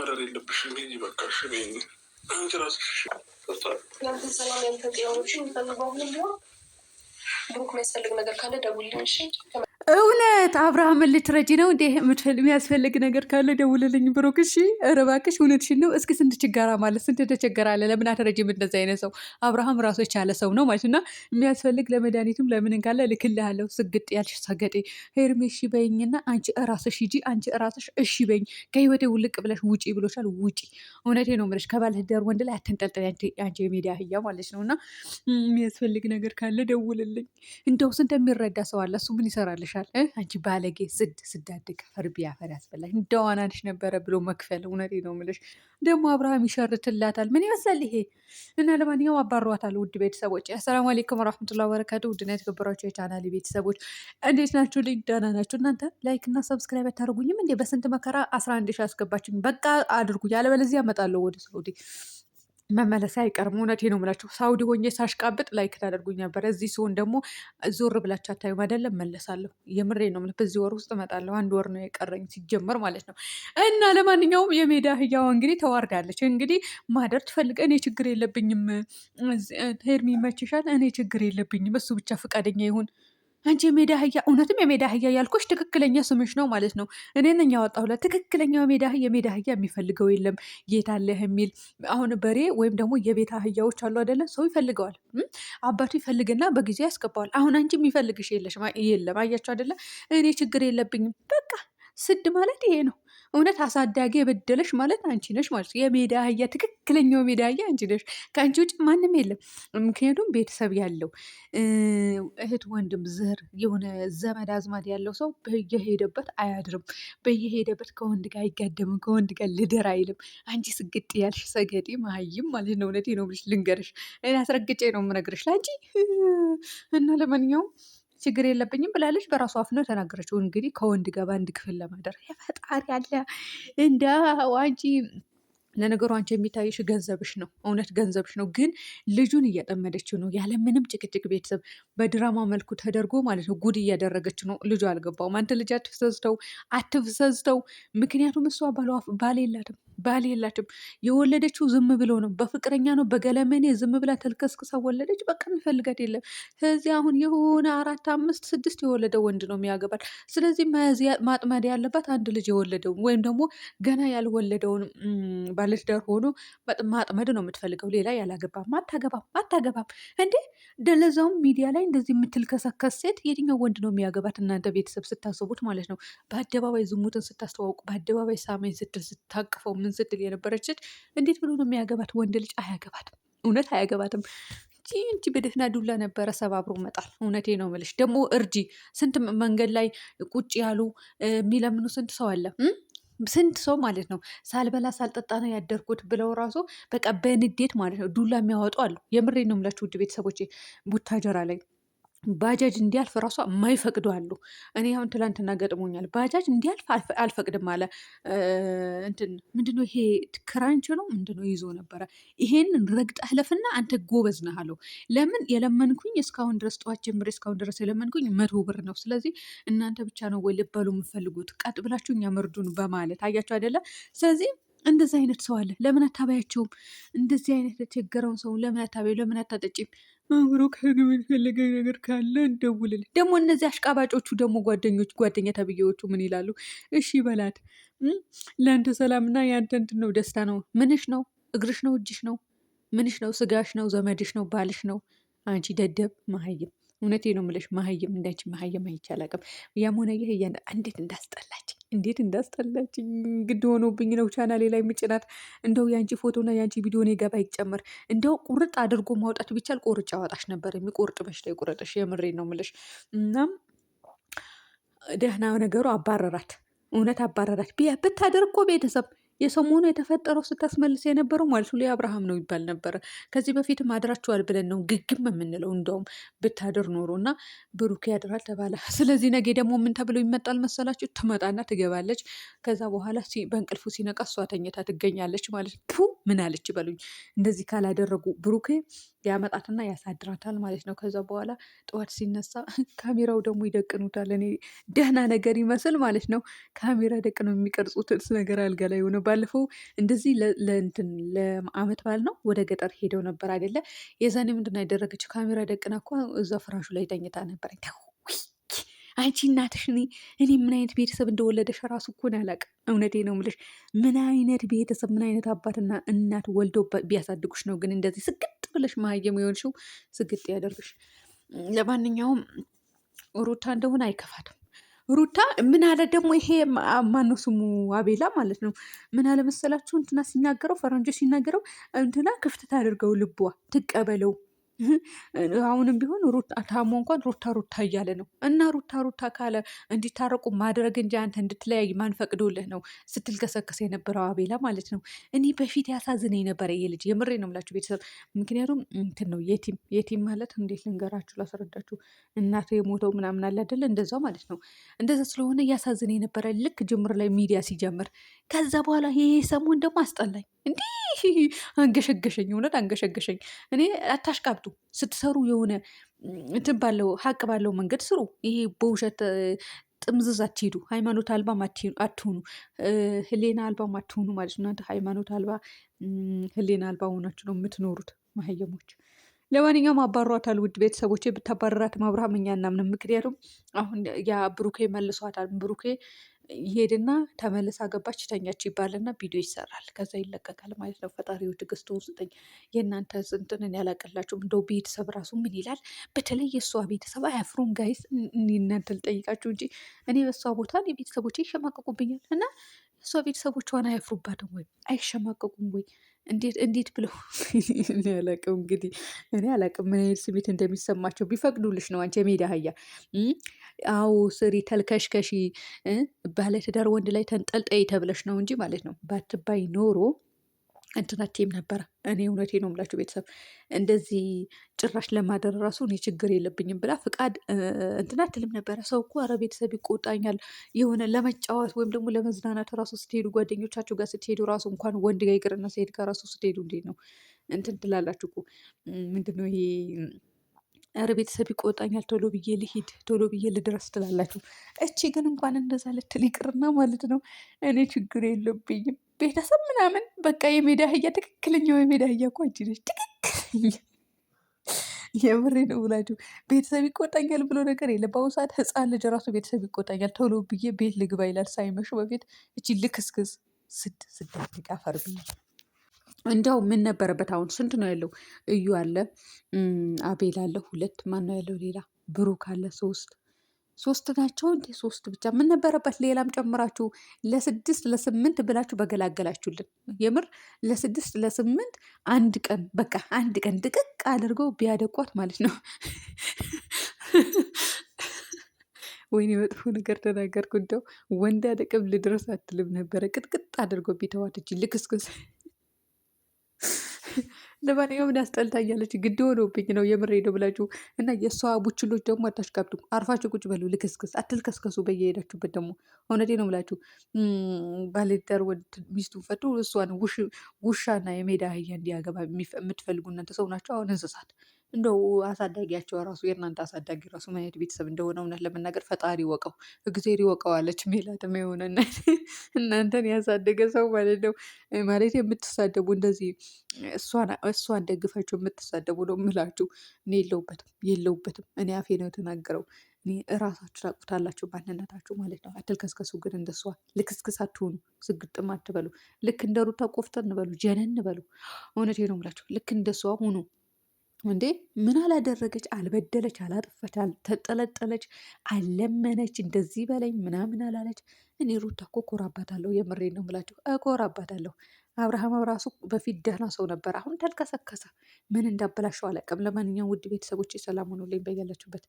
ማረር የለብሽም። ይሄ ይበቃሽ። አንቺ ራስሽ ሰላም ብሩክ የሚያስፈልግ ነገር ካለ ደውልልኝ። እውነት አብርሃምን ልትረጂ ነው እንዴ? የሚያስፈልግ ነገር ካለ ደውልልኝ ብሩክ። እሺ ኧረ እባክሽ እውነትሽን ነው። እስኪ ስንት ችጋራ ማለት ስንት ተቸገራለ። ለምን አትረጂም? እንደዚ አይነት ሰው አብርሃም ራሱ የቻለ ሰው ነው ማለት እና የሚያስፈልግ ለመድኃኒቱም ለምን ካለ ልክልሃለሁ። ስግጥ ያልሽ ሰገጤ ሄርሜ እሺ በይኝና አንቺ ራስሽ ሂጂ፣ አንቺ ራስሽ እሺ በይኝ፣ ከህይወቴ ውልቅ ብለሽ ውጪ ብሎሻል። ውጪ እውነቴ ነው የምልሽ። ከባለ ትዳር ወንድ ላይ አተንጠልጠል አንቺ የሚዲያ አህያ ማለት ነው። እና የሚያስፈልግ ነገር ካለ ደውልልኝ። እንደውስ እንደሚረዳ ሰው አለ እሱ ምን ይሰራለሽ? ይሻልሻል። አንቺ ባለጌ ስድ ስዳድግ ፈርቢ አፈር ያስበላሽ እንደዋናንሽ ነበረ ብሎ መክፈል። እውነቴ ነው ምልሽ። ደግሞ አብርሃም ይሸርትላታል። ምን ይመስላል ይሄ? እና ለማንኛውም አባሯታል። ውድ ቤተሰቦች አሰላሙ አሌይኩም ረመቱላ በረካቱ። ውድና የተከበራችሁ የቻናል ቤተሰቦች እንዴት ናችሁ? ልኝ ደህና ናችሁ እናንተ? ላይክ እና ሰብስክራይብ አታደርጉኝም እንዴ? በስንት መከራ አስራ አንድ ሺ አስገባችሁኝ። በቃ አድርጉ፣ ያለበለዚያ እመጣለሁ ወደ ሰውዴ መመለስ አይቀርም። እውነቴ ነው የምላችሁ። ሳውዲ ሆኜ ሳሽቃብጥ ላይክ ታደርጉኝ ነበር። እዚህ ሲሆን ደግሞ ዞር ብላችሁ አታዩም አይደለም? መለሳለሁ። የምሬ ነው በዚህ ወር ውስጥ እመጣለሁ። አንድ ወር ነው የቀረኝ ሲጀመር ማለት ነው። እና ለማንኛውም የሜዳ አህያዋ እንግዲህ ተዋርዳለች። እንግዲህ ማደር ትፈልግ እኔ ችግር የለብኝም። ሄርሚ ይመችሻል። እኔ ችግር የለብኝም። እሱ ብቻ ፈቃደኛ ይሁን አንቺ የሜዳ አህያ እውነትም የሜዳ አህያ ያልኩሽ ትክክለኛ ስምሽ ነው ማለት ነው። እኔ ነኝ ያወጣሁላት። ትክክለኛው ሜዳ የሜዳ አህያ የሚፈልገው የለም የታለህ የሚል አሁን በሬ ወይም ደግሞ የቤት አህያዎች አሉ አይደለ? ሰው ይፈልገዋል። አባቱ ይፈልግና በጊዜ ያስገባዋል። አሁን አንቺ የሚፈልግሽ የለም። አያቸው አይደለ? እኔ ችግር የለብኝም። በቃ ስድ ማለት ይሄ ነው። እውነት አሳዳጊ የበደለሽ ማለት አንቺ ነሽ ማለት የሜዳ አህያ፣ ትክክለኛው ሜዳ አህያ አንቺ ነሽ። ከአንቺ ውጭ ማንም የለም። ምክንያቱም ቤተሰብ ያለው እህት፣ ወንድም፣ ዘር የሆነ ዘመድ አዝማድ ያለው ሰው በየሄደበት አያድርም። በየሄደበት ከወንድ ጋር አይጋደምም። ከወንድ ጋር ልደር አይልም። አንቺ ስግጥ ያልሽ ሰገጤ ማይም ማለት ነው። እውነቴ ነው ብልሽ ልንገርሽ፣ አስረግጬ ነው የምነግርሽ ለአንቺ እና ለማንኛውም ችግር የለብኝም ብላለች። በራሱ አፍ ነው ተናገረችው። እንግዲህ ከወንድ ገባ አንድ ክፍል ለማደር ፈጣሪ አለ እንደ ዋንጂ ለነገሩ አንቺ የሚታይሽ ገንዘብሽ ነው፣ እውነት ገንዘብሽ ነው። ግን ልጁን እያጠመደችው ነው ያለምንም ጭቅጭቅ። ቤተሰብ በድራማ መልኩ ተደርጎ ማለት ነው ጉድ እያደረገች ነው። ልጁ አልገባውም። አንተ ልጅ አትፍዘዝተው፣ አትፍዘዝተው። ምክንያቱም እሷ ባል የላትም። ባል የላትም። የወለደችው ዝም ብሎ ነው፣ በፍቅረኛ ነው፣ በገለመኔ ዝም ብላ ተልከስክሳ ወለደች። በቃ የሚፈልጋት የለም። ስለዚህ አሁን የሆነ አራት አምስት ስድስት የወለደ ወንድ ነው የሚያገባል። ስለዚህ ማጥመድ ያለባት አንድ ልጅ የወለደውን ወይም ደግሞ ገና ያልወለደውን ባለትዳር ሆኖ ማጥመድ ነው የምትፈልገው። ሌላ ያላገባም አታገባም አታገባም እንዴ! ደለዛውም ሚዲያ ላይ እንደዚህ የምትልከሰከስ ሴት የትኛው ወንድ ነው የሚያገባት? እናንተ ቤተሰብ ስታስቡት ማለት ነው። በአደባባይ ዝሙትን ስታስተዋውቅ፣ በአደባባይ ሳመኝ ስትል ስታቅፈው ምን ስትል የነበረችን እንዴት ብሎ ነው የሚያገባት? ወንድ ልጅ አያገባትም፣ እውነት አያገባትም። እንጂ በደህና ዱላ ነበረ ሰባብሮ መጣል። እውነቴ ነው የምልሽ። ደግሞ እርጂ ስንት መንገድ ላይ ቁጭ ያሉ የሚለምኑ ስንት ሰው አለ ስንት ሰው ማለት ነው ሳልበላ ሳልጠጣ ነው ያደርኩት ብለው ራሱ በቃ በንዴት ማለት ነው ዱላ የሚያወጡ አሉ። የምሬ ነው የምላችሁ ውድ ቤተሰቦቼ ቡታጀራ ላይ ባጃጅ እንዲያልፍ ራሷ የማይፈቅዱ አሉ። እኔ አሁን ትላንትና ገጥሞኛል። ባጃጅ እንዲያልፍ አልፈቅድም አለ። እንትን ምንድነው ይሄ ክራንች ነው ምንድነው ይዞ ነበረ። ይሄንን ረግጥ አለፍና አንተ ጎበዝ ነህ አለው። ለምን የለመንኩኝ እስካሁን ድረስ ጠዋት ጀምሬ እስካሁን ድረስ የለመንኩኝ መቶ ብር ነው። ስለዚህ እናንተ ብቻ ነው ወይ ልበሉ የምፈልጉት? ቀጥ ብላችሁ እኛ መርዱን በማለት አያችሁ አይደለም። ስለዚህ እንደዚህ አይነት ሰው አለ፣ ለምን አታባያቸውም? እንደዚህ አይነት የቸገረውን ሰው ለምን አታባዩ? ለምን አታጠጪም? አብሮ ከሚፈልገ ነገር ካለ እንደውልል። ደግሞ እነዚህ አሽቃባጮቹ ደግሞ ጓደኞች ጓደኛ ተብዬዎቹ ምን ይላሉ? እሺ በላት፣ ለአንተ ሰላምና የአንተ እንትን ነው ደስታ ነው። ምንሽ ነው? እግርሽ ነው? እጅሽ ነው? ምንሽ ነው? ስጋሽ ነው? ዘመድሽ ነው? ባልሽ ነው? አንቺ ደደብ መሀይም፣ እውነቴ ነው የምልሽ መሀይም። እንዳንቺ መሀይም አይቻል አቅም ያም ሆነ ይህ እንዴት እንዳስጠላች እንዴት እንዳስጠላች ግድ ሆኖብኝ ነው ቻናሌ ላይ የምጭናት። እንደው የአንቺ ፎቶና የአንቺ ቪዲዮ እኔ ጋር ባይጨመር እንደው ቁርጥ አድርጎ ማውጣት ቢቻል ቆርጭ አወጣሽ ነበር። የሚቆርጥ በሽታ ይቆረጠሽ። የምሬ ነው ምልሽ። እናም ደህና ነገሩ አባረራት፣ እውነት አባረራት። ብታደርግ እኮ ቤተሰብ የሰሞኑ የተፈጠረው ስታስመልስ የነበረው ማለት ነው አብርሃም ነው ይባል ነበረ። ከዚህ በፊትም አድራችኋል ብለን ነው ግግም የምንለው። እንደውም ብታድር ኖሮ እና ብሩክ ያድራል ተባለ። ስለዚህ ነገ ደግሞ ምን ተብሎ ይመጣል መሰላችሁ? ትመጣና ትገባለች። ከዛ በኋላ በእንቅልፉ ሲነቃ እሷ ተኝታ ትገኛለች ማለት ነው። ምን አለች በሉኝ። እንደዚህ ካላደረጉ ብሩኬ ያመጣትና ያሳድራታል ማለት ነው። ከዛ በኋላ ጠዋት ሲነሳ ካሜራው ደግሞ ይደቅኑታል። እኔ ደህና ነገር ይመስል ማለት ነው። ካሜራ ደቅ ነው የሚቀርጹት ነገር አልጋ ላይ ሆነ። ባለፈው እንደዚህ ለእንትን ለአመት በዓል ነው ወደ ገጠር ሄደው ነበር አይደለ? የዛኔ ምንድን ያደረገችው? ካሜራ ደቅና እኮ እዛ ፍራሹ ላይ ተኝታ ነበር። አንቺ እናትሽ እኔ እኔ ምን አይነት ቤተሰብ እንደወለደሽ ራሱ እኮን ያላቅ። እውነቴ ነው የምልሽ። ምን አይነት ቤተሰብ ምን አይነት አባትና እናት ወልዶ ቢያሳድጉሽ ነው ግን እንደዚህ ስግጥ ብለሽ መሀየም የሆንሽው ስግጥ ያደርግሽ። ለማንኛውም ሩታ እንደሆነ አይከፋትም። ሩታ ምን አለ ደግሞ ይሄ ማነው ስሙ አቤላ ማለት ነው። ምን አለ መሰላችሁ እንትና ሲናገረው ፈረንጆ ሲናገረው እንትና ክፍት ታደርገው ልቧ ትቀበለው አሁንም ቢሆን ሩታ ታሞ እንኳን ሩታ ሩታ እያለ ነው እና ሩታ ሩታ ካለ እንዲታረቁ ማድረግ እንጂ አንተ እንድትለያይ ማን ፈቅዶልህ ነው ስትልከሰከሰ የነበረው አቤላ ማለት ነው። እኔ በፊት ያሳዝነኝ ነበረ ይሄ ልጅ የምሬ ነው የምላችሁ ቤተሰብ። ምክንያቱም እንትን ነው የቲም የቲም ማለት እንዴት ልንገራችሁ ላስረዳችሁ። እናቱ የሞተው ምናምን አለ አይደለ እንደዛው ማለት ነው። እንደዛ ስለሆነ ያሳዝነኝ የነበረ ልክ ጅምር ላይ ሚዲያ ሲጀምር። ከዛ በኋላ ይሄ ሰሞን ደግሞ አስጠላኝ። እንዲህ አንገሸገሸኝ፣ እውነት አንገሸገሸኝ። እኔ አታሽቃብጡ ስትሰሩ የሆነ እንትን ባለው ሀቅ ባለው መንገድ ስሩ። ይሄ በውሸት ጥምዝዝ አትሄዱ። ሃይማኖት አልባም አትሆኑ፣ ህሌና አልባም አትሆኑ ማለት ነው። እናንተ ሃይማኖት አልባ ህሌና አልባ ሆናችሁ ነው የምትኖሩት መሀየሞች። ለማንኛውም አባሯታል። ውድ ቤተሰቦች ብታባረራት አብርሃም እኛ እናምንም። ምክንያቱም አሁን ያ ብሩኬ መልሷታል። ብሩኬ ይሄድና ተመልሳ ገባች ተኛች ይባልና ቪዲዮ ይሰራል። ከዛ ይለቀቃል ማለት ነው። ፈጣሪው ትዕግስቱን ውስጠኝ የእናንተ ስንትንን ያላቀላችሁም እንደው ቤተሰብ ራሱ ምን ይላል? በተለይ የእሷ ቤተሰብ አያፍሩም ጋይስ። እናንተ ልጠይቃችሁ እንጂ እኔ በእሷ ቦታ ቤተሰቦች ይሸማቀቁብኛል እና እሷ ቤተሰቦቿን አያፍሩባትም ወይ? አይሸማቀቁም ወይ? እንዴት እንዴት ብለው እኔ አላቅም። እንግዲህ እኔ አላቅም ምን አይነት ስሜት እንደሚሰማቸው ቢፈቅዱልሽ ነው አንቺ የሜዳ አህያ አዎ ስሪ፣ ተልከሽከሺ፣ ባለትዳር ወንድ ላይ ተንጠልጠይ ተብለሽ ነው እንጂ ማለት ነው። ባትባይ ኖሮ እንትናቴም ነበረ። እኔ እውነቴ ነው ምላችሁ ቤተሰብ እንደዚህ ጭራሽ ለማደር ራሱ እኔ ችግር የለብኝም ብላ ፍቃድ እንትን ነበረ። ሰው እኮ አረ ቤተሰብ ይቆጣኛል የሆነ ለመጫወት ወይም ደግሞ ለመዝናናት ራሱ ስትሄዱ ጓደኞቻችሁ ጋር ስትሄዱ ራሱ እንኳን ወንድ ጋር ይቅርና ስትሄድ ጋር ራሱ ስትሄዱ እንዴት ነው እንትን ትላላችሁ እኮ ምንድነው ይሄ ኧረ ቤተሰብ ይቆጣኛል፣ ቶሎ ብዬ ልሂድ፣ ቶሎ ብዬ ልድረስ ትላላችሁ። እቺ ግን እንኳን እንደዛ ልትል ይቅርና ማለት ነው እኔ ችግር የለብኝም ቤተሰብ ምናምን በቃ የሜዳ አህያ ትክክለኛው የሜዳ አህያ እኮ አንቺ ነሽ። ትክክለኛ የምሬ ነው ብላችሁ ቤተሰብ ይቆጣኛል ብሎ ነገር የለም። በአሁኑ ሰዓት ሕፃን ልጅ ራሱ ቤተሰብ ይቆጣኛል ቶሎ ብዬ ቤት ልግባ ይላል ሳይመሹ በፊት። እቺ ልክስክስ ስድ ስድ አፈር ብዬ እንደው ምን ነበረበት? አሁን ስንት ነው ያለው? እዩ አለ፣ አቤል አለ፣ ሁለት ማን ነው ያለው? ሌላ ብሩክ አለ፣ ሶስት ሶስት ናቸው እንዴ? ሶስት ብቻ ምን ነበረበት? ሌላም ጨምራችሁ ለስድስት ለስምንት ብላችሁ በገላገላችሁልን። የምር ለስድስት ለስምንት አንድ ቀን በቃ አንድ ቀን ድቅቅ አድርገው ቢያደቋት ማለት ነው። ወይኔ መጥፎ ነገር ተናገርኩ። እንደው ወንድ አደቅም ልድረስ አትልም ነበረ። ቅጥቅጥ አድርገው ቢተዋት እጅ ልክስክስ ለማንኛውም አስጠልታኛለች፣ ግድ ሆኖብኝ ነው የምሬ ነው ብላችሁ እና የእሷ ቡችሎች ደግሞ አታሽቃብጡ፣ አርፋችሁ ቁጭ በሉ። ልክስክስ አትልከስከሱ በየሄዳችሁበት። ደግሞ እውነቴ ነው ብላችሁ ባለዳር ወንድ ሚስቱን ፈቶ እሷን ውሻና የሜዳ አህያ እንዲያገባ የምትፈልጉ እናንተ ሰው ናቸው። አሁን እንስሳት እንደው አሳዳጊያቸው ራሱ የእናንተ አሳዳጊ ራሱ ምን አይነት ቤተሰብ እንደሆነ እውነት ለመናገር ፈጣሪ ወቀው እግዜር አለች ሜላትም የሆነ እናንተን ያሳደገ ሰው ማለት ነው ማለት የምትሳደቡ እንደዚህ እሷን ደግፋችሁ የምትሳደቡ ነው ምላችሁ እኔ የለውበትም የለውበትም እኔ አፌ ነው የተናገረው። እኔ እራሳችሁ ታውቁታላችሁ ማንነታችሁ ማለት ነው። አትልከስከሱ ግን እንደሷ ልክስክስ አትሆኑ፣ ስግጥም አትበሉ። ልክ እንደ ሩታ ቆፍጠን በሉ፣ ጀነን በሉ። እውነቴን ነው የምላችሁ። ልክ እንደሷ ሁኑ። እንዴ ምን አላደረገች፣ አልበደለች፣ አላጠፈች፣ አልተጠለጠለች፣ አልለመነች፣ እንደዚህ በለኝ ምናምን አላለች። እኔ ሩታ እኮ እኮራባታለሁ። የምሬ ነው የምላቸው፣ እኮራባታለሁ። አብርሃም ራሱ በፊት ደህና ሰው ነበር፣ አሁን ተልከሰከሰ። ምን እንዳበላሸው አላውቅም። ለማንኛውም ውድ ቤተሰቦች ሰላም ሆኑልኝ በያላችሁበት።